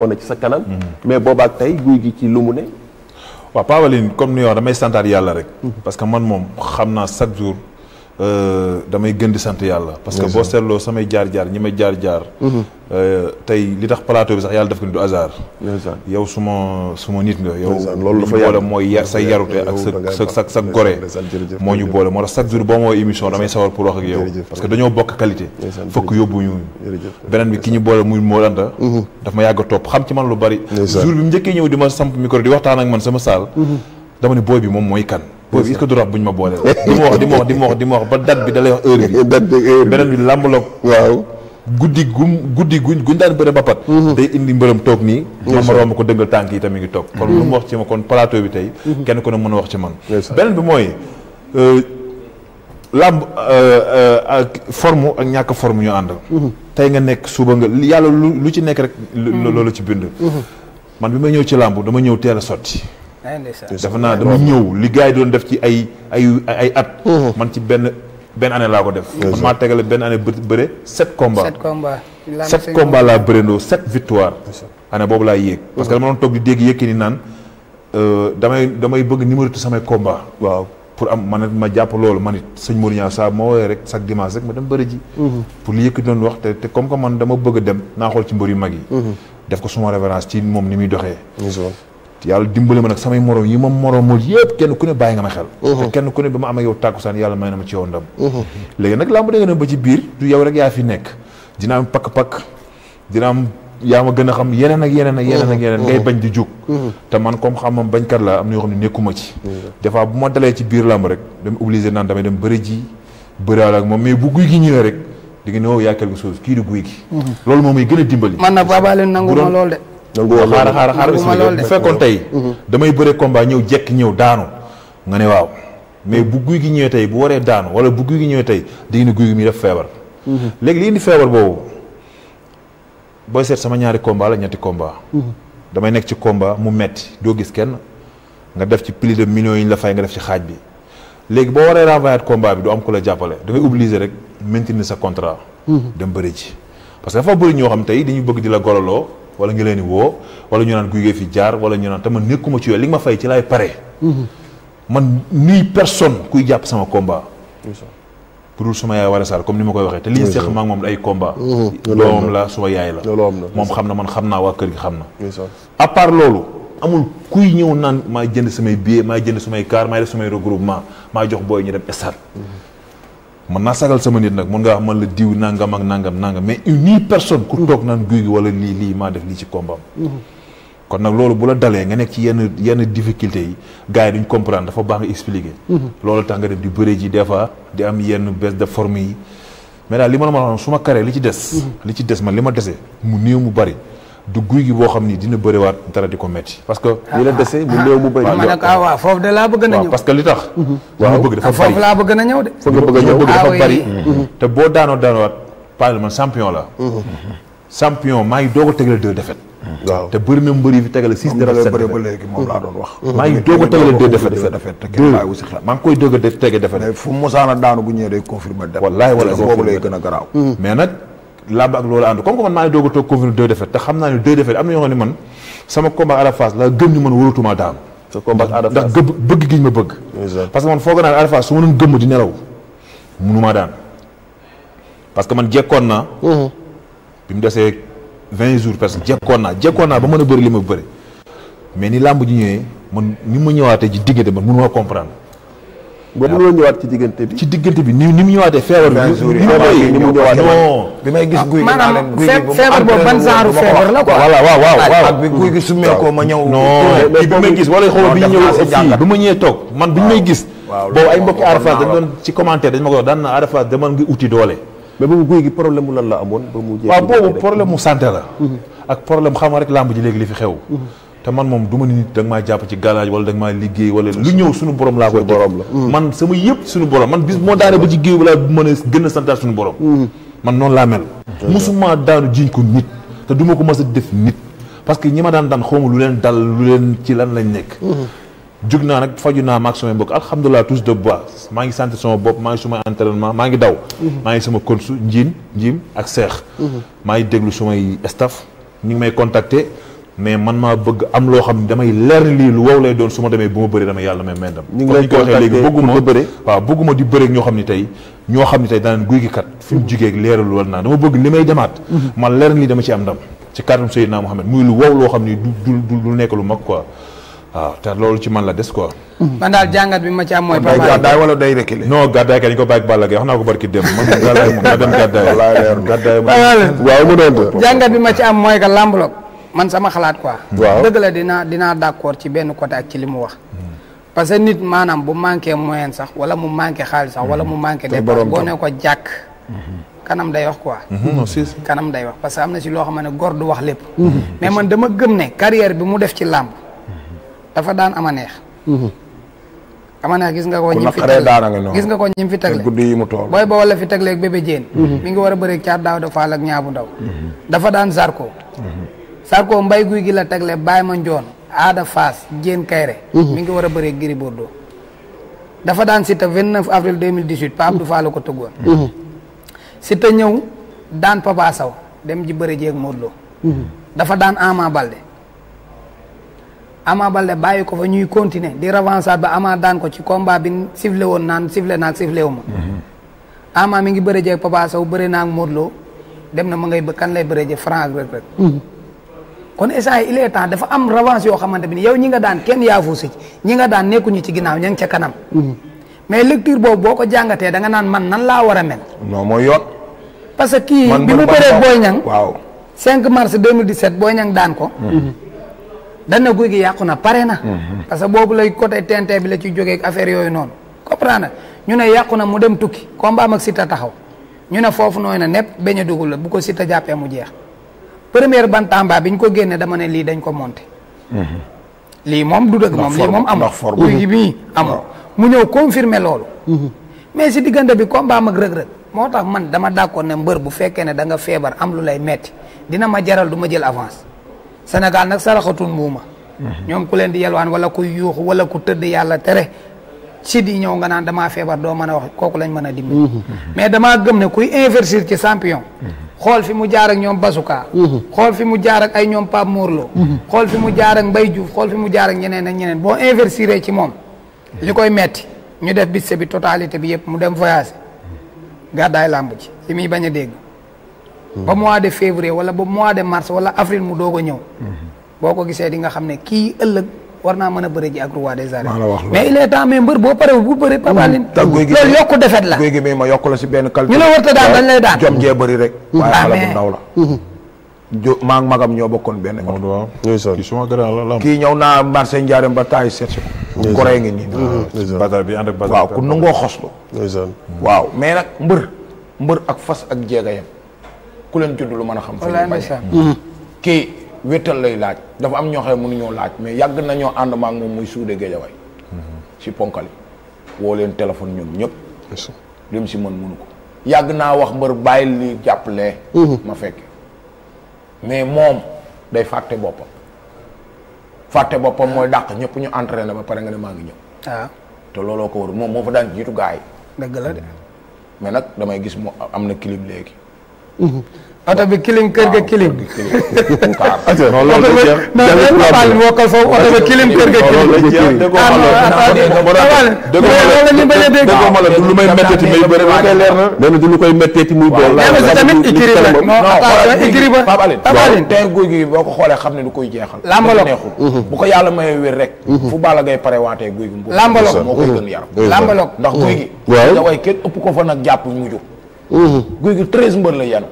on ci sa kanam. Mhm. mais boobaak tey guy gi ci lu mu ne. waaw Pape Aline comme nu yow damay santaat yàlla rek. Mhm. parce que man moom xam naa chaque jour. Euh, damay gën di sant yàlla parce que boo seetloo samay jaar-jaar ñi may jaar-jaar mhm. euh, tey li tax plateau bi sax yàlla def ko ni du hasard yow su ma su ma nit nga yow loolu dafa boole mooy yar sa yarute ak sa sa sa gore moo ñu boole moo tax chaque jour boo moo émission damay sawar pour wax ak yow parce que dañoo bokk qualité fokk yóbbu ñu beneen bi ki ñu boole muy moo Anta mhm. daf ma yàgg topp xam ci man lu bari jour bi mu njëkkee ñëw di ma samp micro di waxtaan ak man sama saal mhm. dama ne booy moom mooy kan boobu est-ce que bu ñu ma boole di ma wax di ma wax di ma wax ba date bi da wax heure bi. date bi beneen bi làmbaloog. waaw guddi gum guddi guñ guñ daan bëre bapat mhm. day indi mbërëm toog nii. ma ma ko dëngal tànk yi tamit ngi toog. kon lu mu wax ci kon plateau bi tey. Mhm. kenn ku ne mën a wax ci man. beneen bi mooy euh, làmb euh, euh, ak forme ak ñàkk forme ñu ànd. Mhm. tey nga nekk suuba nga yàlla lu lu ci nekk rek. loolu ci bind. man bi may ñëw ci làmb dama ñëw teela a sotti. dafa naa dama ñëw li gars yi doon def ci ay ay at mhm. man ci benn benn année laa ko def man maa tegale benn année bëre sept combat sept combat laa bërendoo sept victoire année boobu laa yéeg parce que dama doon toog di dégg yëkki ni naan euh, damay damay bëgg numéro tu samay combat waaw pour am man ma jàpp loolu man it sëñ Modou Niang saa moo woowee rek chaque dimanche rek ma dem bëri ji mhm. pour li yëkki doon wax te te comme que man dama bëgg dem naa xool ci mbër yu mag yi mhm. def ko suma référence ci moom ni muy doxee yàlla dimbali ma nag samay morom yi ma moromul yëpp kenn ku ne bàyyi nga ma xel te kenn ku ne ba ma am ak yow tàkkusaan yàlla may na ma ci yow ndam léegi nag yeneen ak yeneen ak yeneen ak yeneen di jóg te man comme xam man bañkat laa am na yoo xam ci des fois bu ma dalee ci biir làmb rek dama obligé naan damay dem bëri ji bëraal moom mais bu guy gi ñëwee rek di nga ne wow oh, yaa quelque chose kii di guy gi loolu moom may gën a dimbali man nag baba nangu ma loolu de nangu woon xaar xaar xaar bu fekkoon tey. Mhm. damay bëre combat ñëw jekk ñëw daanu nga ne waaw mais bu guy gi ñëwee tey bu waree daanu wala bu guy gi ñëwee tey di ni guy gi muy def feebar. Mhm. léegi li indi feebar boobu booy seet sama ñaari combat la ñetti komba mhm. damay nekk ci combat mu metti doo gis kenn nga def ci plus de millions yi ñu la fay nga def ci xaaj bi léegi boo waree renvoyer combat bi du am ku la jàppale da ngay obliger rek maintenir sa contrat. dem bëri ci parce que dafa ñoo xam tey dañu bëgg di la gololoo. wala nga leen di woo wala ñu naan guy gee fi jaar wala ñu naan te man nekkuma ci yooyu li ma fay ci laay pare. Mhm. man nii personne kuy jàpp sama combat. pour dul suma yaay war a saal comme ni ma koy waxee te li ñu seq maa moom ay combat. Mhm. doomam la suma yaay la. moom xam na man xam naa waa kër gi xam na. à part loolu amul kuy ñëw naan maa jënd samay billet maa jënd samay car maa def samay regroupement maa jox booy ñu dem stade. Mhm. man naa sagal sama nit nag mun nga wax man la diw nàngam ak nangam nangam mais une mille personne ku toog naan guy gi wala lii lii maa def lii ci kombaam mm-hmm. kon nag loolu bu la dalee nga nekk ci yenn yenn difficulté yi gars yi duñ comprendre dafa baax nga expliquer mm-hmm. loolu tax nga dem di bëre ji des fois di am yenn baisse de forme yi mais daal li ma la a wax su ma karee li ci des mm-hmm. li ci des ma li ma desee mu néew mu bari du guy gi boo xam ni dina bëriwaat dara di ko metti parce que li la dese mu néew mu bëri ma ne ko ah waaw foofu de laa bëgg na ñëw parce que li tax mhm. waaw bëgg dafa bëri ah, foofu laa bëgg na ñëw de fa a ñëw bëgg dafa ah, bëri mhm. mhm. te boo daanoo daanowaat parlement champion la champion maa ngi doog a tegale deux défaites te bëri na mbër yi fi tegale six défaites sept défaites ba léegi moom laa doon maa ngi a tegale deux défaites koy doog a tege défaite fu mosaana daanu bu ñëwee day confirmer wallaay wala boobu lay gën a garaaw mais nag làmb ak loolu ànd comme que man maa ngi doog a toog Covid deux défaites te xam naa ne deux défaites am na ñoo xam ne man sama combat à la face ni man waratuma bëgg giñ ma bëgg. parce que man foog naa ne daan parce que man jekkoon naa. bi mu desee vingt jours que jekkoon naa jekkoon naa ba mën a bëri li ma bëri mais ni làmb ji ñëwee man ni mu ñëwaatee ji diggante man mënuma comprendre. ba boobu mënuloo ñëwaat ci diggante bi. ci diggante bi ni ni mu ñëwaatee feebar bi. ni mu ñëwaatee bi may gis guy gi naa leen guy gi feebar boobu ban genre feebar ma ñëw. non bi may gis wala xool bi ñu ñëwee fii bi ma ñëwee toog man bi ñu may gis. boobu ay mbokki Arafat dañ doon ci commentaire dañ ma ko wax daan na Arafat demal nga uti doole. mais boobu guy gi problème mu lan la amoon ba mu. jéem waaw boobu problème mu santé la. Mm-hmm. ak problème xam rek làmb ji léegi li fi xew mm-hmm. te man moom du ma nit da nga maa jàpp ci garage wala da nga liggéey wala lu ñëw suñu borom laa koy la mm. man sama yëpp suñu borom man bis moo daanee ba ci géew laa mën a gën a santaat suñu borom mm. man noonu laa mel musuma daanu jiñ ko nit te du ko mës a def nit parce que ñi ma daan daan xawma lu leen dal lu leen ci lan lañ nekk mm-hmm. jug naa nag faju naa maag samay mbokk alhamdulilah tous de bois maa ngi sant sama bopp maa ngi sumay entraînement mais man maa bëgg am loo xam ne damay leer lii lu wow lay doon su ma demee bu ma bëree damay yàlla may mendam ñu ngi lay ko waxee léegi bëgguma waaw bëgguma di bëre ñoo xam ne tey ñoo xam ne tey danaan guy gi kat fi mu jigéeg leeralu wal naa dama bëgg li may demaat mhm. man leer lii dama ci am ndam ci kàttan Seydina Mohamed muy lu wow loo xam ne du du du nekk lu mag quoi waaw te loolu ci man la des quoi. Mhm. man daal jàngat bi ma ci am mooy. papa gàddaay wala day rekkile. non gàddaay kañ ko bàyyi Balla Gaye wax naa ko barki dem man gàddaay moom ma dem gàddaay. wallaahi leer gàddaay moom. waaw mu doon jàngat bi ma ci am mooy que Lamblok. man sama xalaat quoi. waaw dëgg la dinaa dinaa d'accord ci benn côté ak ci li mu wax. parce que nit maanaam bu manqué moyen sax wala mu manqué xaalis sax wala mu mm-hmm. manqué. dépense boo ne ko jàkk. Mm-hmm. kanam day wax quoi. Mm-hmm. non si kanam day wax parce que am na si loo xam ne góor du wax lépp. mais man dama gëm ne carrière bi mu def ci làmb. dafa daan ama neex. ama neex gis nga ko ñim fi tegle gis nga ko ñim fi tegle guddi yi mu tool booy ba wala fi tegle ak bébé jéen mi ngi war a bëreeg caat daaw de faal ak ñaabu ndaw dafa daan zarko Sarko mbay guy gi la tegle Baye ma Njoon Aada fas Diène Kayre. Mhm. mi ngi war a bëree giri Bordeaux. dafa daan Siteu 29 avril 2018 Pape Abdou Fall ko tëggoon. Mhm. Siteu ñëw daan Papa dem ji bëri jeeg Modou Lo. Mhm. dafa daan Ama Balde. Ama Balde ko fa ñuy continuer di revancer ba Ama daan ko ci combat bi sifle woon naan sifle naa sifle wu ma. Ama mi ngi bëri jeeg Papa Sow bëri naag Modou Lo dem na ma ngay kan lay bëree jeeg France rek rek. kon instant il est dafa am revanche yoo xamante bi ni yow ñi nga daan kenn yaafuusu ci ñi nga daan nekkuñu ci ginnaaw ña ngi ca kanam. Mhm. mais lecture boobu boo ko jàngatee danga naan man nan laa war a mel. non mooy yoon. parce que kii bi mu bëree Boy Niang waaw 5 mars 2017 Boy Niang daan ko. Mhm. dana guy gi yàqu na pare na. Mhm. parce que boobu lay côté TNT bi la ci jógee affaire yooyu noonu. comprendre ñu ne yàqu na mu dem tukki combat am ak Siteu taxaw ñu ne foofu nooy na nepp bañ a dugg bu ko Siteu jàppee mu jeex. première bantamba bi ñu ko génne dama ne lii dañ ko monté. Mhm. lii moom du dëgg moom lii moom amul guy gi mii amul mu ñëw confirmer loolu mhm. mais si diggante bi combat mag rëg-rëg moo tax man dama d'accord ne mbër bu fekkee ne da nga feebar am lu lay metti dina ma jaral du ma jël avance Sénégal nag saraxatul mbuuma mhm. ñoom ku leen di yelwaan wala ku yuuxu wala ku tëdd yàlla tere si di ñëw nga naan damaa feebar doo mën a wax kooku lañ mën a dimbali mais dama gëm ne kuy investir ci champion xool fi mu jaar ak ñoom Basuka. Mhm. xool fi mu jaar ay ñoom Pape Mourlo. Mhm. xool fi mu jaar ak Mbaye Diouf xool fi mu jaar ñeneen ak ñeneen boo investir ci moom. li koy metti ñu def bisse bi totalité bi yëpp mu dem voyage gàddaay làmb ci li muy bañ a dégg. Mhm. ba mois de février wala ba mois de mars wala avril mu doog a ñëw. boo ko gisee di nga xam ne kii ëllëg. war naa mën a bëri ji ak roi des arènes. mais mbër boo paree bu bëri Papa mmh. Line. guy gi mais ma yokk la si benn calcul. ñu la warta daan dañ lay daan jom jee bëri rek. Mmh. waaye ah, xale bu ndaw la. Mmh. maa ñoo bokkoon benn. waaw kii suma grand la. ñëw naa marché Ndiarème ba taay seet si ko. goree ngi nii. bazal bi ànd ak bazal waaw ku nangoo xoslu. waaw mais nag mbër. mbër ak fas ak jéega yam ku leen judd lu mën a xam. kii wétal lay laaj dafa am ñoo xam ne laaj mais yàgg nañoo ànd maak moom muy suude géejawaay si mm-hmm. ponkali woo leen téléphone ñoom ñëpp lim si mën mënu ko yàgg naa wax mbër bàyyi li jàppalee mm-hmm. ma fekke mais moom day fàtte boppam fàtte boppam mooy dàq ñëpp ñu entre na ba pare nga ne maa ngi ñëw waaw ah. te looloo ko war moom moo fa daan jiitu gars yi dëgg nag damay gis moo am na clip léegi mm-hmm. oto bi kilim kër ga kilim. Ah, non loolu la ma la du lu may métteeti muy bëri ma koy leer na. nee boo ko xoolee xam ne du koy jeexal. lambalo neexul mhm. bu ko yàlla mayee wér rek. Mhm. fu Balla Gaye pare waatee guy gi. lambalo moo koy gën yaram. Mhm. lambalo ndax guy gi. waaw kenn ëpp ko fa nag jàpp mu guy gi treize mbër la yanu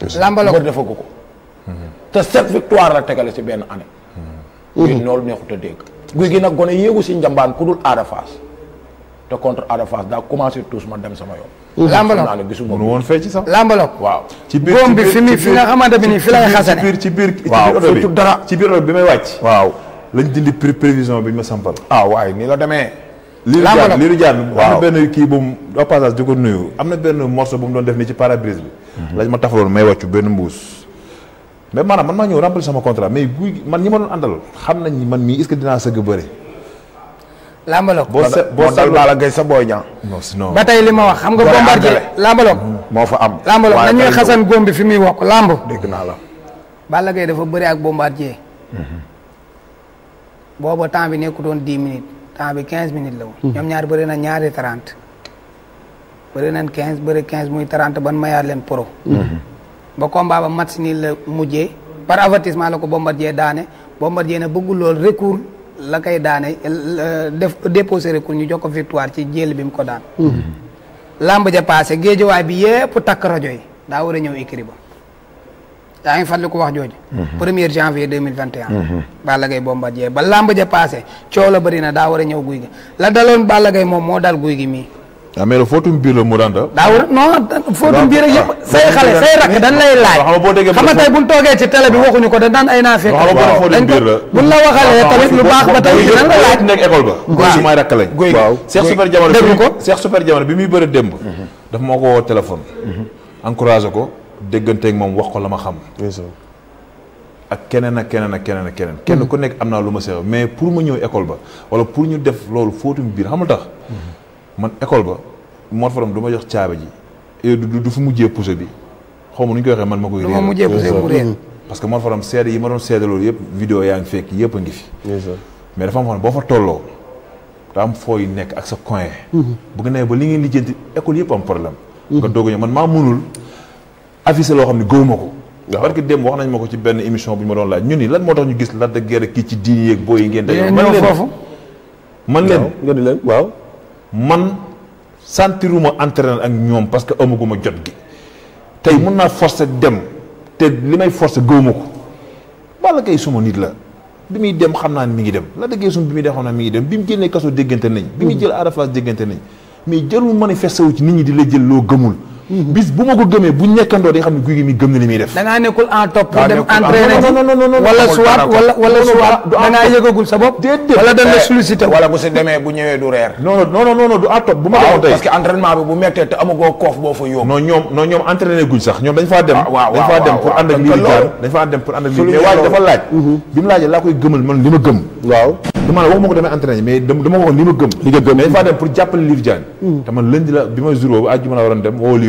làmbala ko dafa ko ko te sept victoire la tegale si benn année guy loolu neexut a dégg guy gi nag gone yéegu si njambaan ku dul Ada Fass te contre Ada Fass daa commencé tous ma dem sama yoon làmbala naa ne gisuma woon fee ci sax làmbala waaw ci biir bi fi mi fi nga xamante bi nii fi la xasane ci biir waaw surtout dara ci biir bi may wàcc waaw lañ dindi prévision bi ma sampal ah waaye nii la demee liiru jaan liiru jaan am na benn kii bu mu au passage di ko nuyu am na benn morceau bu mu doon def ni ci pare bi Mhm. lañ ma tafaloon may wàccu benn mbuus mais maanaam man maa ñëw remplir sama contrat mais guy man ñi ma doon àndal xam nañ ni man mii est-ce que dinaa sëgg bëre làmbaloog boo se boo dal Balla Gaye sa booy ñaa non ba tey li ma wax xam nga bombardier mm, moo fa am làmbaloog dañuy xasan góom bi fi muy wokk làmb dégg naa la Balla dafa bëri ak bombardier mhm. booba temps bi nekkutoon dix minutes temps bi quinze minutes la mhm. ñoom ñaar bëri na ñaari trente bëri nañ quinze bëri quinze muy trente ban mayaat leen pro ba combat ba match nii la mujje par avertissement la ko Bombardier daane Bombardier na bëggul lool recours la kay daane euh, def déposé recours ñu jox ko victoire ci jël bi mu ko daan lamb ja passé géejuwaay bi yépp takk rajo yi daa war a ñëw écrit ba daa ngi fàttali ko wax jooju premier janvier deux mille vingt et un Balla Gaye ba lamb ja passé coow la na daa war a ñëw guy gi la daloon Balla Gaye moom moo ah mais footum biir la mu danda. daawul non footum biir ak yëpp. say xale say rakk dañ lay laaj. xam nga tey bu ñu toogee ci télé bi waxuñu ko dañ daan ay naa fekk. waaw dañ ko bu ñu la waxalee tamit lu baax ba tey dañ la laaj. nekk école ba. góor yi may rakk lañ. góor yi Cheikh Super Jamono dégg ko Cheikh Super Jamono bi muy bëri démb. daf moo ko woo téléphone. encouragé ko dégganteeg moom wax ko la ma xam. ak keneen ak keneen ak keneen ak keneen kenn ku nekk am naa lu ma seew mais pour ma ñëw école ba wala pour ñu def loolu footum biir xamul tax man école ba Mor Fadam du ma jox caabi ji et du du fu mujjee poussé bi xaw ma nu ñu koy waxee man ma koy. réer mujjee poussé mu réer. parce que Mor Fadam seede yi ma doon yëpp vidéo yaa ngi fekk yëpp a am xam ne nekk ak sa coin. Mhm. bu nga nee ba li ngeen lijjanti école yëpp am problème. Mhm. nga doog man maa mënul affiché loo xam ne gëwuma ko. waaw parce dem wax nañ ma ko ci benn émission bu ma doon laaj ñun ni lan moo tax gis Lac de Guiers kii ci diini yeeg booy yi man leen nga di leen waaw. man santiruma entraîner ak ñoom parce que amaguma jot gi tey mun naa forcer dem te li may forcer gëwuma ko Balla Gaye suma nit la bi muy dem xam naa ne mi ngi dem la dëggee suma bi muy dem xam naa mi ngi dem bi mu génnee kaso déggante nañ bi muy mm. jël arafas déggante nañ mais jarul manifesté wu ci nit ñi di la jël loo gëmul bis bu ma ko gëmee bu nekkandoo di nga xam ne guy gi mi gëm na li muy def. da nekkul en top. daa nekkul en non du reer. non non non bu ma demoon tey parce que entraînement bi ah, mais waaye dafa laaj. Mm-hmm. ma ko damay entraîné mais dama ko li ma gëm. li nga gëm dañ faa dem pour jàppale Liir Diagne. Mm. te man lundi la bi ma jour boobu àjjuma la waroon dem woo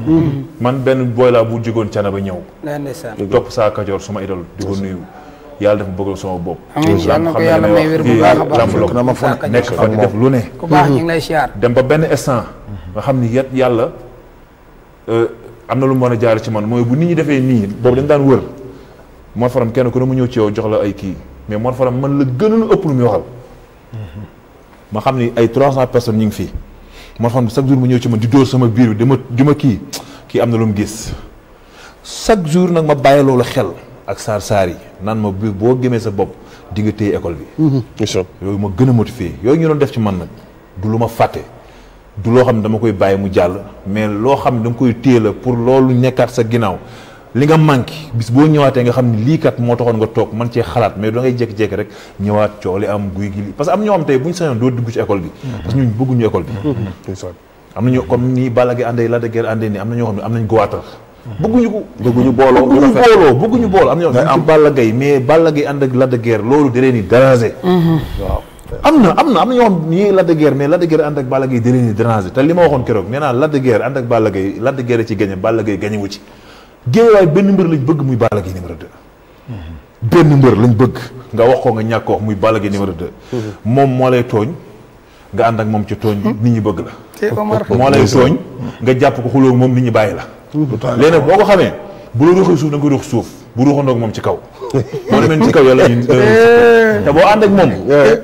Mm-hmm. man benn booy laa bu jógoon cana ba ñëw topp saa kajoor suma idol di ko nuyu yàlla dafa bëggal sama bopp lam fa nekk fa di def lu ne ku baax ñu ngi mm-hmm. dem ba benn instant nga xam ni yet yàlla euh, am na lu mu mën a jaar ci man mooy bu nit ñi defee nii boobu dañ daan wër Mor Faram kenn ku ne mu ñëw ci yow jox la ay kii mais moo Faram man la gënal ëpp lu muy waxal mm-hmm. ma xam ni ay trois cent personnes ñu ngi fii man xam chaque jour mu ñëw ci man di dóor sama biir bi dama dima kii kii am na lu mu gis chaque jour nag ma bàyyi loolu xel ak saar saar yi nan ma biir boo gëmee sa bopp di nga téye école bi. incha mhm, yooyu ma gën a motivé yooyu ñu doon def ci man nag du lu ma fàtte du loo xam ne dama koy bàyyi mu jàll mais loo xam ne danga koy téye la pour loolu nekkaat sa ginnaaw. li nga manqué bis boo ñëwaatee nga xam ne lii kat moo taxoon nga toog man cee xalaat mais da ngay jékki-jékki rek ñëwaat coow li am guy gi parce que am ñoo xam tey bu ñu sañoon doo dugg ci école bi mm-hmm. parce que ñun bëgguñu école bi mm-hmm. am nañu comme ni Balla Gaye àndee Lac de Guiers àndee nii am na ñoo xam ne am nañ goaatar mm-hmm. booloo bëgguñu booloo bëgguñu booloo am na ñoo xam ne mais Balla ànd ak Lac de Guiers loolu da leen di déranger waaw am am na am na ñoo xam ñii Lac de Guiers mais Lac te li ma waxoon keroog nee naa Lac de Guiers ànd ak Balla Gaye Lac de Guiers ci gagné Balla Gaye gagné ci géewaay benn mbër lañ bëgg muy Balla Gaye numéro 2. benn mbër lañ bëgg nga wax koo nga ñàkk wax muy Balla Gaye numéro 2. moom moo lay tooñ nga ànd ak moom ci tooñ bi nit ñi bëgg la. moo lay tooñ nga jàpp ko xuloo moom nit ñi bàyyi la. léegi nag boo ko xamee bu la ruuxee suuf da nga ruux suuf bu ruuxandoo moom ci kaw. moo ne mel ci kaw yàlla ñu. Euh, eh. te boo ànd ak moom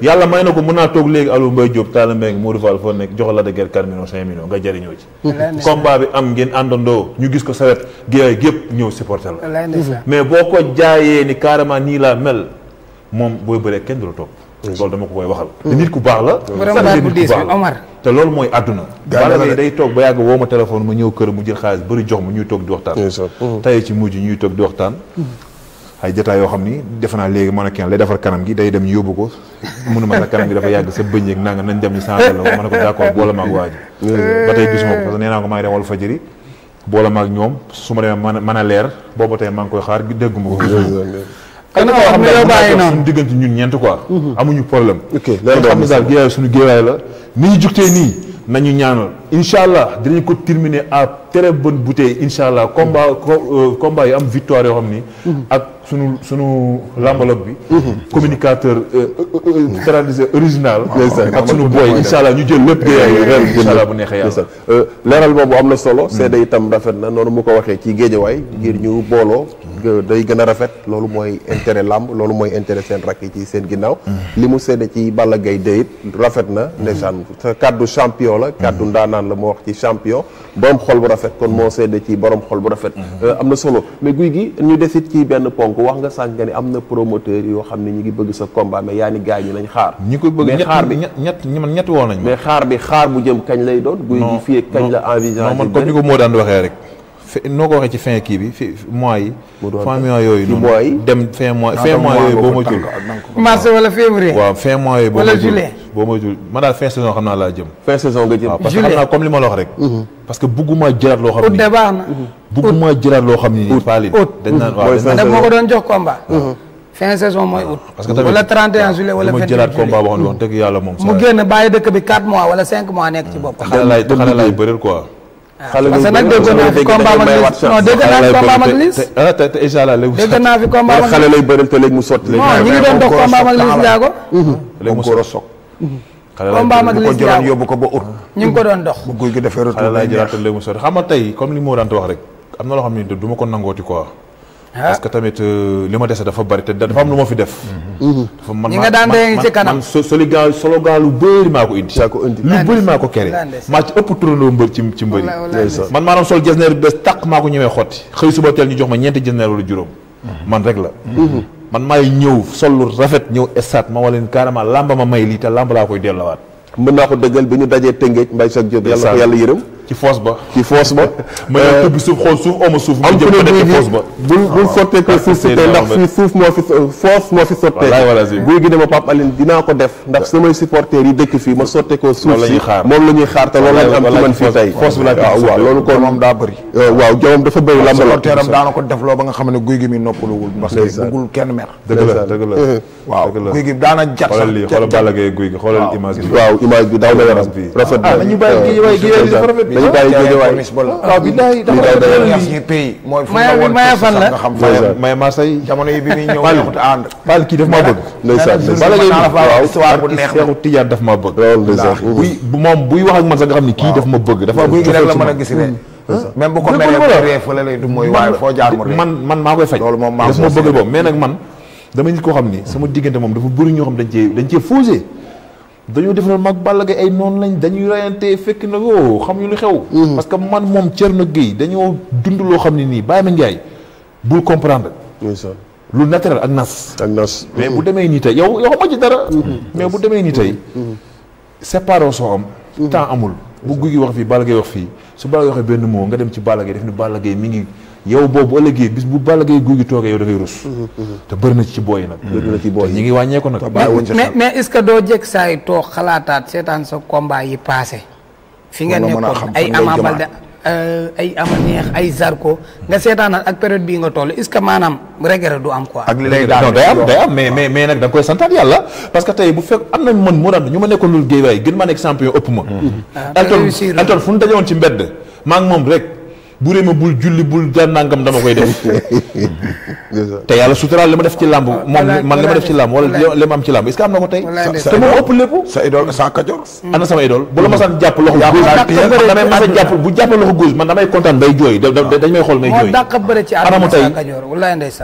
yàlla may na ko mën naa toog léegi Aliou Mbaye Diop Talla Mbengue Modou Fall foo nekk jox la de guerre 4 millions 5 nga jëriñoo ci combat bi am ngeen àndandoo ñu gis ko sawet géey gépp ñëw supporter la mais boo ko jaayee ni carrément nii laa mel moom booy bëree kenn du la toog loolu dama ko koy waxal te mm-hmm. nit ku mm-hmm. baax la Omar te loolu mooy àdduna Balla Gaye day toog ba yàgg woo ma téléphone mu ñëw kër mu jël xaalis bëri jox mu ñuy toog di waxtaan mm-hmm. tey ci mujj ñuy toog di ay jotaay yoo xam ni defe naa léegi mannequin lay defar kanam gi day dem yóbbu ko mënuma sa kanam gi dafa yàgg sa bëñ yeeg nanga nañ dem ñu changé la ma a ko d'accord boole maag waa ji ba fajiri ñoom su ma demee mën a leer booba tey maa ngi koy xaar dégguma ko gisuma kan koo xam ne suñu diggante ñun ñeent quoi mhm. amuñu problème ok xam ne daal géewaay suñu géewaay la ni ñu jugtee nii nañu ñaanoo incha allah dinañ ko terminer à très bonne bouteille incha allah combat mm-hmm. euh, combat yu am victoire yoo xam ni. Mm-hmm. ak sunu sunu lambalogue bi. Mm-hmm. communicateur euh, euh, traditionnel original. Ah, ak sunu boy incha allah ñu jël lépp de ren incha allah bu neexee yàlla. leeral boobu am na solo. seede itam rafet na noonu mu ko waxee ci waay ngir ñu booloo. day gën a rafet loolu mooy intéret làmb loolu mooy intérêt seen rakk ci seen ginnaaw mm. li mu seede ci bala gay deyit rafet na mm. ndeysaan sa kàddu champion la kàddu mm. ndaanaan la moo wax ci champion borom xol bu rafet kon moo seede ci borom xol bu rafet euh, am na solo mais guy gi ñu desit ci benn ponk wax nga sànq ni am na promoteur yoo xam ne ñu ngi bëgg sa combat mais yaa ni gars ñi nañ xaar ñu ko bëgg xaar bi ñett ñi man woo nañ mais xaar bi xaar bu jëm kañ lay doon guy gi fii kañ la envisage man comme ni ko moo daan waxee rek noo ko waxee ci fin kii bi fi mois yi. fin mois yooyu noonu dem fin mois fin mois yooyu boo ma jul mars wala fin saison xam naa laa jëm. fin saison nga jëm waaw parce que xam naa comme li ma la rek. Mm-hmm. parce que bëgguma mm-hmm. jëlaat loo xam ni. ut de baax moo ko doon jox combat. Mm-hmm. fin saison mooy août. parce que tamit wala 31 juillet wala 28 juillet mu génn bàyyi dëkk bi 4 mois wala 5 mois nekk ci bopp. xale laay xale laay Ah. xale parce que nag dégg naa fi combat mag lis non dégg naa fi combat mag lis te te léegi dégg naa xale lay bëral te léegi mu sotti léegi ñu ngi doon léegi mu sotti xale ko jëloon yóbbu ko ba dox bu guy gi defee retour léegi mu sotti xam tey comme li moo daan wax rek am na loo xam ne du ma ko nangooti quoi Ah. parce que tamit euh, li ma dese dafa bari te dafa am lu ma fi def. Mhm. dafa man ñi nga daan dee ci kanam man man slogan lu bëri maa ko indi. maa ko indi lu bëri maa ko kere. maa ci ëpp turandoo mbër ci mbëri. man maanaam sol jësneer bu bees tàq maa ko ñemee xotti xëy suba teel ñu jox ma ñeenti jësneer wala juróom. Mhm. man rek la. Mhm. man maay ñëw sol lu rafet ñëw estaat ma wala carrément làmba ma may lii te làmb laa koy dellowaat mën naa ko dëggal bi ñu dajee Tëngéej Mbaye Sakh Diop. yàlla yërëm ci foos ba. ci foos ba. ma ñëw tubbi suuf xool suuf omo suuf. ko suuf si tey ndax fii suuf moo fi foos moo fi sottee. guy gi dama Pape Aline dinaa ko def ndax samay supporters yi dëkk fii ma sottee ko suuf si moom la xaar te loolu la am ci fii tey. foos bi laa waaw waaw loolu kon moom daa bëri. Euh, waaw jawam dafa bëri ko def loo ba nga xam ne guy gi mi noppaluwul. parce que bëggul kenn mer. dëgg la dëgg la euh, waaw guy gi daana jar image bi waaw image bi daaw la yaram bi rafet ah, dañu ah, bàyyi Guédiawaye waaw ah, bi day dafa pays mooy maya yi bi muy ñëw neexut ànd pal kii daf maa bëgg ndeysaan bala ngay histoire bu neex Seexu Tijaan daf maa buy wax ak man sax xam ni kii daf ma bëgg dafa buy rek la mën a gis même bu ko man man maa koy faj loolu moom maa ma bëgg boobu mais nag man dama nit koo xam ni sama diggante moom dafa bëri ñoo xam dañ cee dañ dañoo def na mag Balla Gaye ay noonu lañ dañuy rayante fekk na woo xam ñu lu xew. Mhm. parce que man moom na Gueye dañoo dund loo xam ne nii Baye njaay bul comprendre. lu naturel ak nas. ak nas mais bu mhm. demee nii tey yow yow xamoo ci dara. Mhm. mais bu demee nii tey. séparé soo am. temps amul. bu Gouye Gui wax fii Balla Gaye wax fii su Balla Gaye waxee benn mot nga dem ci Balla Gaye def ni Balla Gaye mi ngi. yow boobu ëllëgee bis bu Balla Gaye guy gi toogee yow da rus. Mhm, mhm. te bëri ci booy nag. ñi ngi wàññeeku nag. mais mais est-ce que doo jekk saa yi toog xalaataat seetaan sa combat yi passé. fi nga nekkoon euh, ay Ama Baldé ay Ama que maanaam regret am day am mais mais mais nag da koy santaat yàlla parce que tey bu fekk am nañ mën moo tax ñu ma nekkoon lul géewaay gën maa ëpp ma. Ah, Elton Elton fu ñu dajewoon ci mbedd maa ngi moom rek bu ma bul julli bul daan nangam dama koy def te yàlla suturaal li ma def ci làmb moom man li ma def ci làmb wala li ma am am na ko tey te moom ëpp lépp sa idol sa kajor ana bu la ma saan jàpp loxo góos a jàpp bu jàppee loxo góos man damay kontaan bay jooy ah. dañ may xool may jooy ana mu tey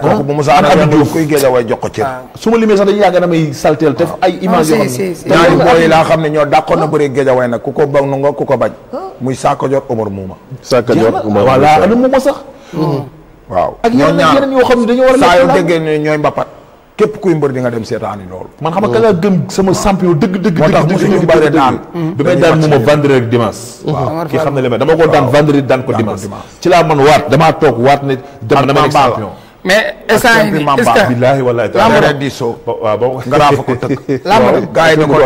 kooku bu ma sa ana Abdou Diouf koy géej way jox ko cër ah. su ma limee sax dañuy yàgg na may salteel def ah. ay image yoo laa xam ne ñoo dàqoon na bëri géej way nag ku ko bañ ku ko bañ muy Sakho jot Omar Mouma. Sakho Dior Omar Mouma voilà ana Mouma sax. waaw ñoom ñaar ak yeneen yoo xam ne dañu war a. saa yoo déggee ne ñooy mbapat. képp kuy mbër di nga dem seetaani loolu. man xam nga ka gëm sama champion dëgg dëgg. moo tax mosu ñu bëri daan bi mm-hmm. may daan Mouma vendredi ak dimanche. Mm-hmm. waaw kii xam na li may dama ko daan vendredi daan ko dimanche. ci laa man waat damaa toog waat na dama damay champion mais instant yii nii est-ce que lamb dara diisoo. garaa fa ko tëkk. lamb gaa yi ko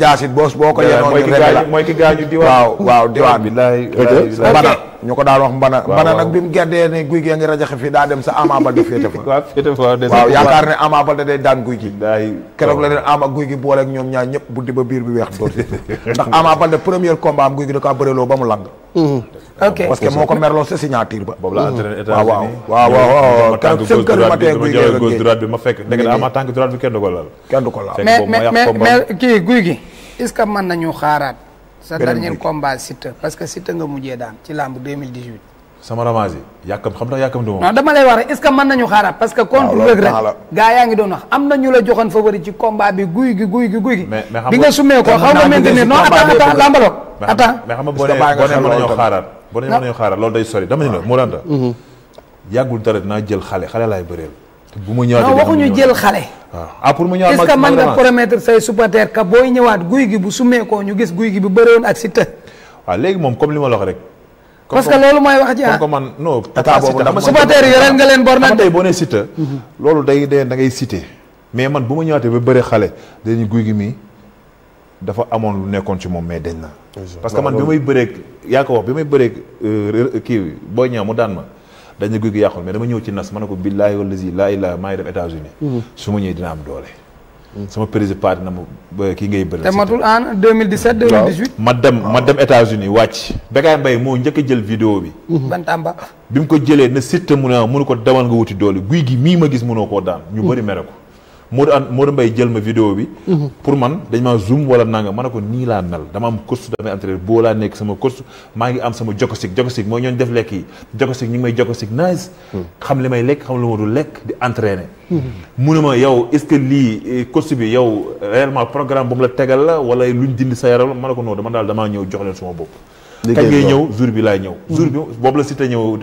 jaasit boo boo ko yenoon. mooy ki gaañu mooy ki gaañu diwaan waaw waaw ñu ko daan wax mbana mbana nag bi mu gerdee ne guy gi a ngi rajaxe fii daa dem sa Ama Baldé féete fa waaw yaakaar ne Ama Baldé day daan guy gi keroog la leen Ama guy gi booleeg guy gi da kaa bëreloo ba mu lang mhm. ok moo ko merloo sa signature ba. boobu mhm. waaw waaw waaw kenn du ko laal kenn du ko laal mais mais kii guy gi est-ce que nañu xaaraat sa dernier combat Siteu parce que Siteu nga mujjee daan ci làmb 2018. sama ramage yi yàkkam xam ndax dama lay wax rek est que mën nañu xaaraat parce que. am na ñu la joxoon favori ci combat bi guy gi guy gi guy gi. bi nga sumee ko xaw nga maintenir non attends attends làmbalo. attends mais xam nga boo nee xaaraat. loolu day sori dama ne la Mouranta. Mhm. yàggul dara dinaa jël xale xale laay bëreel bu mu ñëwaat non waxuñu jël xale. Ah. ah pour mu ñëwaat est-ce que mën nga booy ñëwaat guy gi bu summeekoo ñu gis guy gi bu bëreewoon ak Siteu. waaw ah, léegi moom comme li ma la wax rek. parce que loolu mooy wax ji ah. man non. état boobu ndax bor nag. tey boo nee mhm. loolu day day da ngay cité. mais man bu ma ñëwaatee ba bëri xale dañuy guy gi mii dafa amoon lu nekkoon ci moom mais deñ na. parce que man bi may bëreeg yaa ko wax bi may bëreeg euh, kii booy ñëw mu daan ma dañ ne guy gi yàqul mais dama ñëw ci nas man ne ko billaahi wallazi laa ilaaha maa ngi dem États-Unis mm-hmm. su ma ñëwee dina am doole sama président parti na ma kii ngay bëri. te matul en 2017 2018. ma dem ma dem États-Unis wàcc. Bécaye Mbaye moo njëkk jël video bi. Bantamba. Mm-hmm. bi mu ko jëlee ne Siteu mu ne mënu ko demal nga wuti doole guy gi mii ma gis mënoo koo daan. ñu bëri mere ko. Modou an Modou Mbaye jël ma vidéo bi. Mhm. pour man dañ maa zoom wala nanga ma ne ko nii laa mel dama am course damay entraîné boo laa nekk sama course maa ngi am sama jokosik jokosik mooy ñooñu def lekk yi jokosik ñu ngi may jokosik nice. Hmm. xam li may lekk xam lu ma dul lekk di entraîné. Hmm. mu ne ma yow est-ce que lii eh, course bi yow réellement programme bu la tegal la wala luñ dindi sa yaram ma ne ko non dama daal damaa ñëw jox leen suma bopp. kañ ngay ñëw jour hmm. la si te ñëw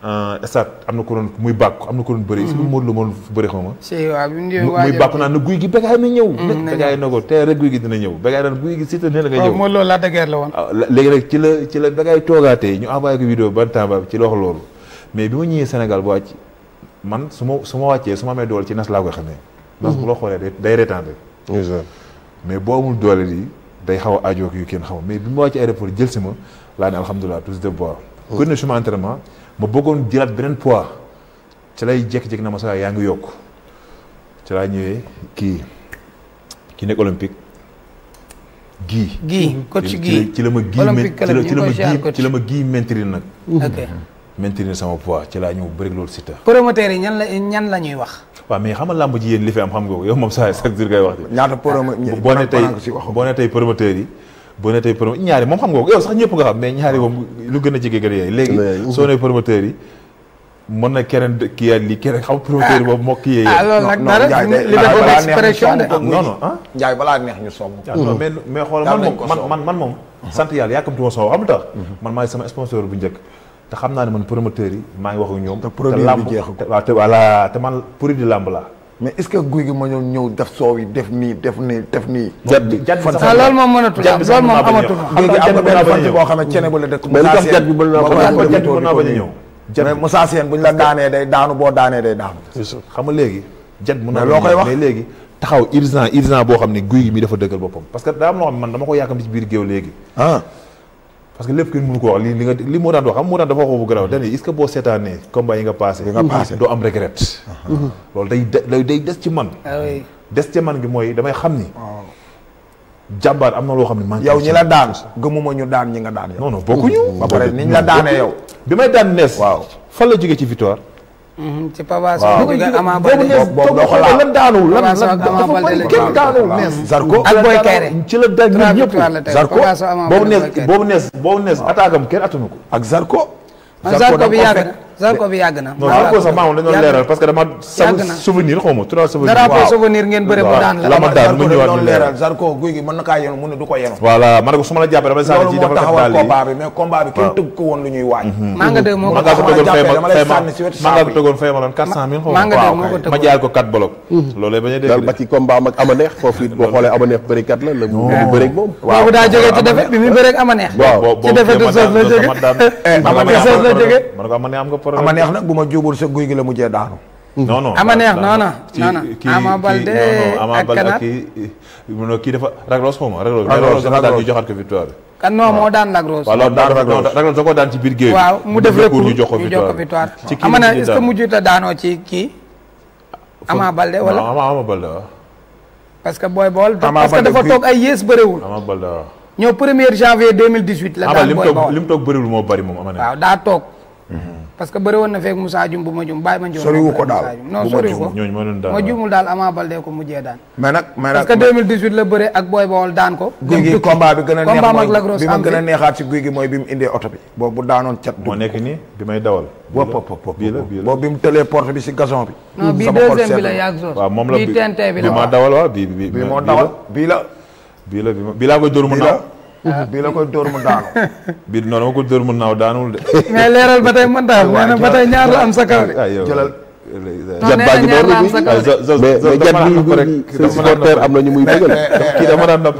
Euh, estat am na ko doon muy bàkk am na ko doon bëri. si mm-hmm. Modou Lo moom bëri xaw ma. waaw muy bàkk naan na guy gi bégaay na ñëw. Mm, bégaay na ko tey rek guy gi dina ñëw bégaay daan si te ne la nga ñëw. Modou Lo la dëgër la woon. Ah, nag ci la ci la bégaay toogaatee ñu envoyé ko vidéo ban temps ba la wax loolu mais bi ma ñëwee Sénégal ba wàcc man su ma su ma wàccee su ma amee doole ci nas laa koy xam ne bu la xoolee day retendre. mais boo amul doole lii day xaw a aajo yu kenn xaw mais bi ma wàccee aéroport jël si ma laa ne alhamdulilah tous de bois. continué mm. suma entraînement ma bëggoon jëlaat beneen pois ci lay jékki na ma saa yaa ngi yokk ci laa ñëwee kii ki nekk olympique. gii gii coach gii ci la ma gii ci la ma gii la ma gii nag. ok mhm. sama poids ci ñëw bëri loolu si ta yi ñan la ñan la ñuy wax. waaw mais xam nga làmb ji yéen li fi am xam nga yow moom saa chaque jour ngay wax. ñaata promo boo ne tey yi. boo ne tey promoteur ñaari moom xam nga ko yow sax ñëpp nga xam mais ñaari moom lu gën a jege gën yooyu léegi soo nee promoteur yi na keneen kii ak xam promoteur boobu moo kii ah loolu nag dara liberté d'expression de non non ah Njaay balaa neex ñu somm mais mais xool man moom man man moom sant yàlla yàkkamti ma somm xam tax man maay sama sponsor bu njëkk te xam naa ne man promoteur yi maa ngi wax ak ñoom te produit bi te voilà te man produit di làmb laa mais est-ce que guy gi ma ñëw ñëw def soow yi def nii def nii def nii. jat fan sax loolu moom mënatul am fan boo xam ba la dëkk. mais a ñëw. jat mais Moussa Sène bu ñu la daanee day daanu boo daanee day daanu. xam nga léegi. jat mën naa loo koy wax mais léegi. taxaw urgent urgent boo xam ne guy gi mi dafa dëggal boppam parce que daa am loo xam ne man dama ko yàkkamti ci biir géew léegi. Ah. parce que lépp kenn mënu ko wax li li nga li moo daan wax xam moo daan dafa wax bu garaaw dañuy que boo seetaanee combat yi nga passé doo am regret uh-huh. Uh-huh. loolu day day des ci man ah des ci man gi mooy damay xam ni oh. jàmbaar am na loo xam ne man yow ñi la daan gëmuma ñu daan ñi nga daan yow non non bokkuñu ba pare niñ la daanee yow bi may daan nees waaw fan la jógee ci victoire Mhm, ci Papa Sow bu jógee Ama Baldé boobu doo ko laal lan daanuwul lan lan dafa bëri kenn Zarko ak Boy Kayre ci la daj ñun ñëpp Zarko boobu nees boobu nees boobu nees attaque am kenn ak Zarko. Zarko bi yàgg na Zarko bi yàgg na. non Zarko sax maamoon dañoo leeral parce que dama. yàgg na souvenir xaw ma trois souvenirs. waaw souvenir ngeen bëre bu daan la. la ma daan mu ñëwaat ñu leeral Zarko guy gi mën na kaa yenu mu ne du ko yenu. voilà man ko su ma la jàppee dama sànni ci dafa def daal yi loolu moo taxawal combat bi mais combat bi kenn tëgg ko woon lu ñuy waaj. maa nga dëgg moo ko taxawal dama lay sànni si wetu saabu yi maa nga tëggoon fay ma loon quatre cent mille. maa nga dëgg moo ko tëggoon ma jaay ko quatre bloc. loolu bañ a dégg daal ba ci combat am ak Amaneex foofu it boo xoolee Amaneex bërikat la la mu bëreeg moom. waaw boobu daa jógee ci defet bi muy bëreeg Amaneex. waaw boobu boobu man daan man daan man daan man daan problème ama neex nag bu ma juubul sa guy gi la mujjee daanu. non non ama neex non non. ci kii ama balde ak kii dafa raglos xaw ma raglos. raglos dafa daan ñu joxaat ko victoire bi. kan non moo daan lagros. waaw daan da koo daan ci biir géew. waaw mu def recours ñu jox ko victoire ci kii ama na est-ce que mujjut a daanoo ci kii. ama balde wala ama balde waaw. parce que booy bool. parce que dafa toog ay yées bëriwul. ama balde waaw. ñëw premier janvier 2018. la daan booy bool ama li mu toog bëriwul moo bari moom ama na. waaw daa toog. Mhm. parce que bëri woon na feek Moussa Dioum bu ma jum bàyyi ma njoon soriwu ko daal non soriwu ko ma jumul daal Ama Baldé ko mujjee daan mais nag mais daan ko guy a neex mooy bi ma nekk nii bi may dawal boobu bi mu tëlee porte bi si gazon bi non bii deuxième bi la yàgg sos bi ma dawal waaw bii bii bii bii laa koy dóor mu naaw Ah, mhm. bii la koy dóor mu bii noonu ma ko dóor mu naaw daanul de. mais leeral ba tey man daal nee na ba tey ñaar la am sa kaw. jëlal jat baa ngi door am na ñu muy bëggal kii daan na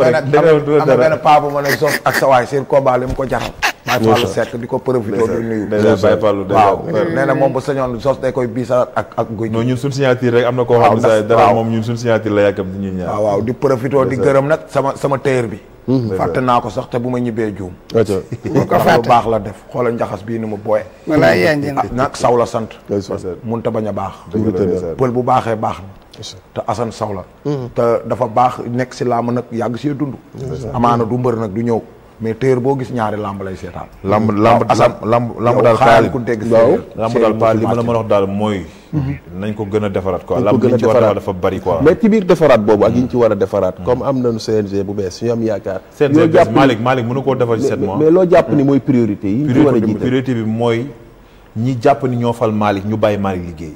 benn paa bu ma ne ak sa waay seen combat li mu ko jaral Baye di ko profité di nuyu waaw moom bu sañoon sos day koy biisa ak ak ñun suñ signature rek am na koo xam ne dara moom ñun suñ signature la yàkkam di ñuy ñaar waaw waaw di profité di gërëm nag sama sama téer bi Mm-hmm. fàtte naa ko sax te bu ma ñibbee juum ko fàtte baax la def xoolal njaxas bii ni mu booy walaay yéen ah, nag saw la sant mun ta bañ a baax pël bu baaxee baax na te Assane saw la mm-hmm. te dafa baax nekk si laa ma nag yàgg see dund amaana du mbër nag du ñëw mais téer boo gis ñaari lamb lay seetaan. lamb lamb daal xaaral li mën a wax daal mooy. Mhm. nañ ko gën a defaraat quoi. lamb li ñu ci war a defaraat dafa bari quoi. mais ci biir defaraat boobu CNG mhm. bu bees ñu am yaakaar. mënu koo defar ci sept mois. mais loo jàpp ni mhm. mooy priorité yi. ñu ci war a jiite priorité mooy. ñi jàpp ni ñoo fal Malick ñu bàyyi Malick liggéey.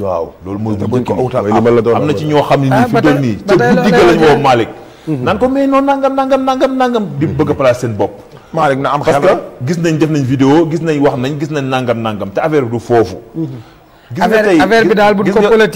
waaw loolu mooy. bu njëkk bi am na ci ñoo xam nii ah, fi doon nii ca guddi ga lañ woo Malick Mhm. naan ko mais non nangam nangam nangam nangam di mhm. bëgg a placer seen bopp parce que gis nañ def nañ vidéo gis nañ wax nañ gis nañ nangam nangam te affaire bi du foofu mhm. gis nga tey affaire bi daal bu ko